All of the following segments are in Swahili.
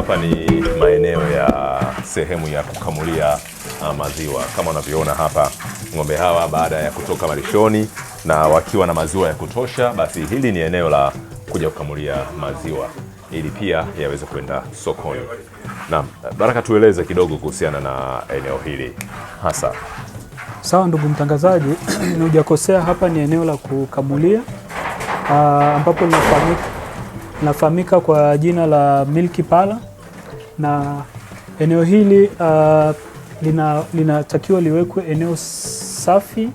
Hapa ni maeneo ya sehemu ya kukamulia ah, maziwa. Kama unavyoona hapa, ng'ombe hawa baada ya kutoka malishoni na wakiwa na maziwa ya kutosha, basi hili ni eneo la kuja kukamulia maziwa ili pia yaweze kwenda sokoni. Naam, Baraka, tueleze kidogo kuhusiana na eneo hili hasa. Sawa ndugu mtangazaji, hujakosea. Hapa ni eneo la kukamulia ah, ambapo linafahamika kwa jina la Milk Pala na eneo hili uh, lina, linatakiwa liwekwe eneo safi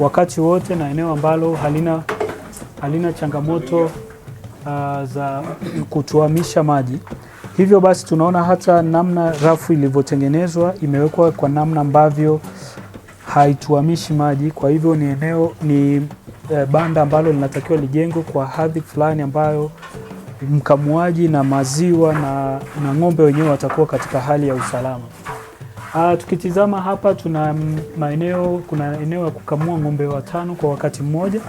wakati wote na eneo ambalo halina, halina changamoto uh, za kutuamisha maji. Hivyo basi tunaona hata namna rafu ilivyotengenezwa imewekwa kwa namna ambavyo haituamishi maji. Kwa hivyo ni eneo ni eh, banda ambalo linatakiwa lijengwe kwa hadhi fulani ambayo mkamuaji na maziwa na, na ng'ombe wenyewe watakuwa katika hali ya usalama. Aa, ah, tukitizama hapa tuna maeneo, kuna eneo la kukamua ng'ombe watano kwa wakati mmoja,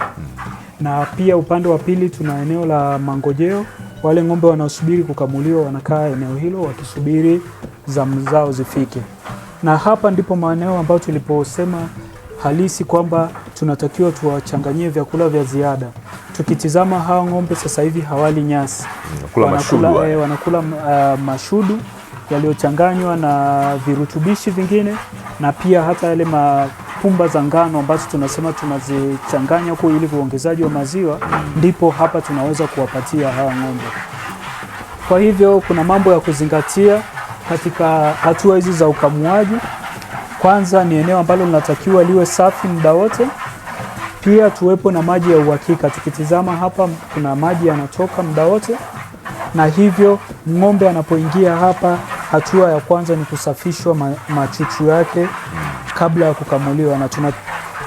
na pia upande wa pili tuna eneo la mangojeo. Wale ng'ombe wanaosubiri kukamuliwa wanakaa eneo hilo wakisubiri zamu zao zifike, na hapa ndipo maeneo ambayo tuliposema halisi kwamba tunatakiwa tuwachanganyie vyakula vya ziada. Tukitizama hawa ng'ombe sasa hivi hawali nyasi, wanakula mashudu, eh, wanakula uh, mashudu yaliyochanganywa na virutubishi vingine na pia hata yale mapumba za ngano ambazo tunasema tunazichanganya huko ili uongezaji wa maziwa, ndipo hapa tunaweza kuwapatia hawa ng'ombe. Kwa hivyo kuna mambo ya kuzingatia katika hatua hizi za ukamuaji. Kwanza ni eneo ambalo linatakiwa liwe safi muda wote, pia tuwepo na maji ya uhakika. Tukitizama hapa, kuna maji yanatoka muda wote, na hivyo ng'ombe anapoingia hapa, hatua ya kwanza ni kusafishwa machuchu yake kabla ya kukamuliwa, na tuna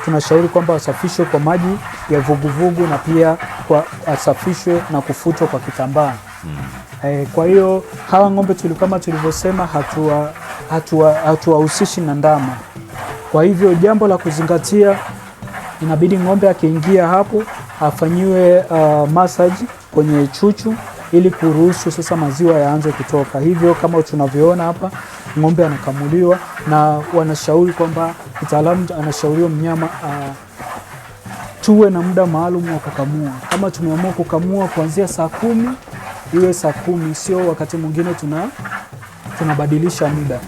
tunashauri kwamba asafishwe kwa maji ya vuguvugu na pia kwa asafishwe na kufutwa kwa kitambaa. Hmm. Eh, kwa hiyo hawa ng'ombe tuli kama tulivyosema, hatua hatuwahusishi na ndama. Kwa hivyo jambo la kuzingatia, inabidi ng'ombe akiingia hapo afanyiwe uh, massage kwenye chuchu ili kuruhusu sasa maziwa yaanze kutoka. Hivyo kama tunavyoona hapa, ng'ombe anakamuliwa na wanashauri kwamba mtaalamu anashauriwa mnyama uh, tuwe na muda maalum wa kukamua. Kama tumeamua kukamua kuanzia saa kumi, iwe saa kumi, sio wakati mwingine tuna tunabadilisha muda.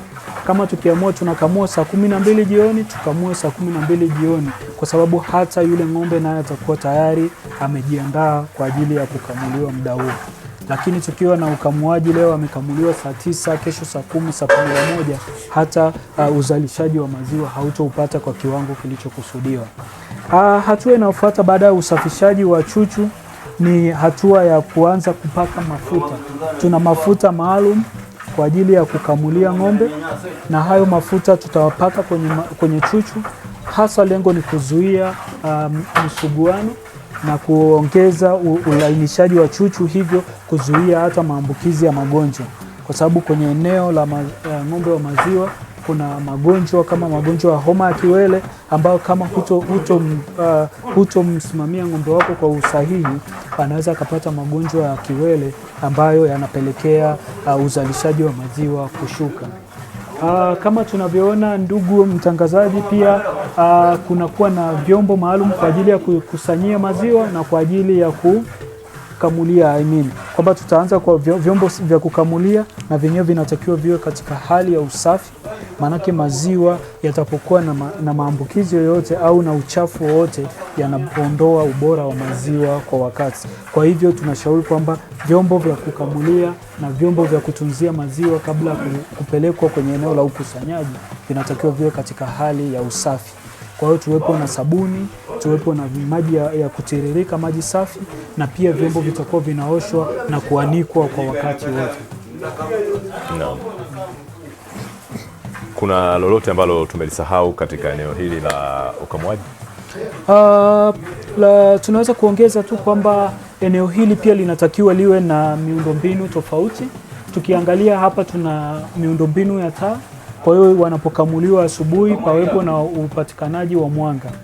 Kama tukiamua tunakamua saa kumi na mbili jioni, tukamue saa kumi na mbili jioni, kwa sababu hata yule ng'ombe naye atakuwa tayari amejiandaa kwa ajili ya kukamuliwa muda huo. Lakini tukiwa na ukamuaji leo amekamuliwa saa tisa, kesho saa kumi, saa kumi na moja, hata uh, uzalishaji wa maziwa hautoupata kwa kiwango kilichokusudiwa. Uh, hatua inayofuata baada ya usafishaji wa chuchu ni hatua ya kuanza kupaka mafuta. Tuna mafuta maalum kwa ajili ya kukamulia ng'ombe, na hayo mafuta tutawapaka kwenye, kwenye chuchu. Hasa lengo ni kuzuia um, msuguano na kuongeza ulainishaji wa chuchu, hivyo kuzuia hata maambukizi ya magonjwa, kwa sababu kwenye eneo la ma, uh, ng'ombe wa maziwa kuna magonjwa kama magonjwa ya homa ya kiwele ambayo kama hutomsimamia huto, uh, huto ng'ombe wako kwa usahihi, anaweza akapata magonjwa ya kiwele ambayo yanapelekea uh, uzalishaji wa maziwa kushuka. Uh, kama tunavyoona ndugu mtangazaji, pia uh, kunakuwa na vyombo maalum kwa ajili ya kukusanyia maziwa na kwa ajili ya ku kukamulia I mean, kwamba tutaanza kwa vyombo vya kukamulia na vyenyewe vinatakiwa viwe katika hali ya usafi, maanake maziwa yatapokuwa na, ma, na maambukizi yoyote au na uchafu wowote yanaondoa ubora wa maziwa kwa wakati. Kwa hivyo tunashauri kwamba vyombo vya kukamulia na vyombo vya kutunzia maziwa kabla ya kupelekwa kwenye eneo la ukusanyaji vinatakiwa viwe katika hali ya usafi. Kwa hiyo tuwepo na sabuni, tuwepo na maji ya, ya kutiririka, maji safi na pia vyombo vitakuwa vinaoshwa na kuanikwa kwa wakati wote. Naam. Kuna lolote ambalo tumelisahau katika eneo hili la ukamuaji? Uh, la, tunaweza kuongeza tu kwamba eneo hili pia linatakiwa liwe na miundombinu tofauti. Tukiangalia hapa tuna miundombinu ya taa, kwa hiyo wanapokamuliwa asubuhi pawepo na upatikanaji wa mwanga.